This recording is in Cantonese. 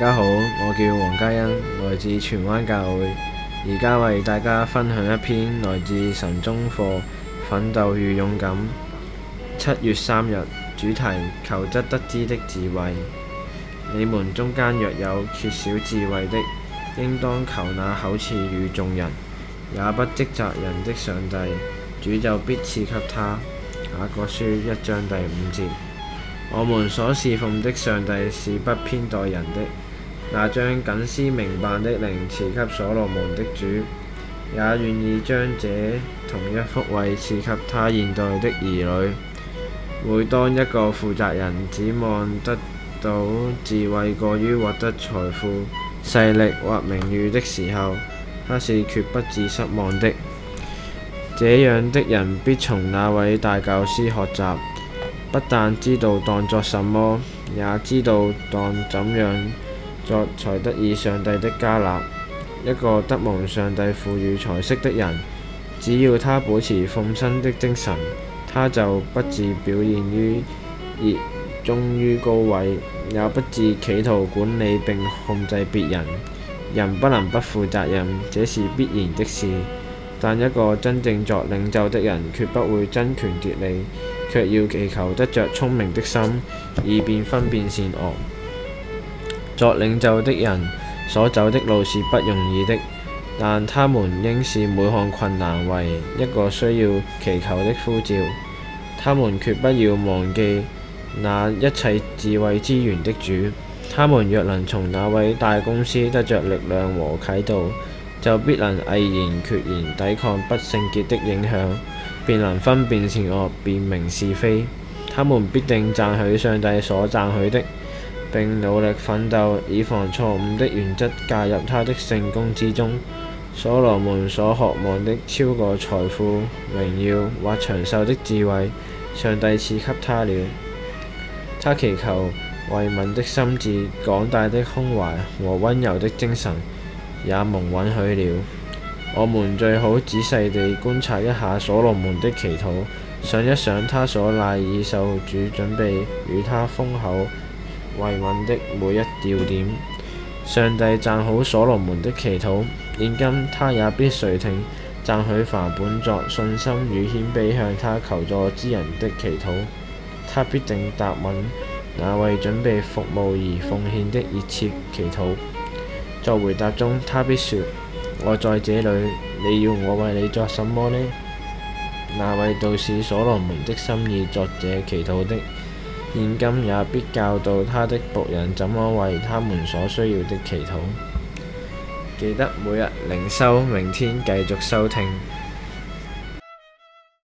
大家好，我叫黃嘉欣，來自荃灣教會。而家為大家分享一篇來自神中課《奮鬥與勇敢》，七月三日主題《求則得之的智慧》。你們中間若有缺少智慧的，應當求那厚賜與眾人，也不斥責人的上帝，主就必賜給他。雅各書一章第五節，我們所侍奉的上帝是不偏待人的。那將緊思明辨的靈賜給所羅門的主，也願意將這同一福惠賜給他現代的兒女。每當一個負責人指望得到智慧，過於獲得財富、勢力或名譽的時候，他是決不致失望的。這樣的人必從那位大教師學習，不但知道當作什麼，也知道當怎樣。才得以上帝的加納。一個得蒙上帝賦予才識的人，只要他保持奉身的精神，他就不致表現於熱衷於高位，也不致企圖管理並控制別人。人不能不負責任，這是必然的事。但一個真正作領袖的人，決不會爭權奪利，卻要祈求得着聰明的心，以便分辨善惡。作領袖的人所走的路是不容易的，但他們應視每項困難為一個需要祈求的呼召。他們決不要忘記那一切智慧之源的主。他們若能從那位大公司得着力量和啟導，就必能毅然決然抵抗不聖潔的影響，便能分辨善惡，辨明是非。他們必定讚許上帝所讚許的。並努力奮鬥，以防錯誤的原則介入他的聖功之中。所羅門所渴望的超過財富、榮耀或長壽的智慧，上帝賜給他了。他祈求慧敏的心智、廣大的胸懷和温柔的精神，也蒙允許了。我們最好仔細地觀察一下所羅門的祈禱，想一想他所賴以受主準備與他封口。慰問的每一調點，上帝贊好所羅門的祈禱。現今他也必垂聽，贊許凡本作信心與謙卑向他求助之人的祈禱。他必定答問：「那位準備服務而奉獻的熱切祈禱？」在回答中，他必說：「我在這裡，你要我為你做什麼呢？」那位道是所羅門的心意，作者祈禱的。現今也必教導他的僕人怎麼為他們所需要的祈禱。記得每日靈修，明天繼續收聽。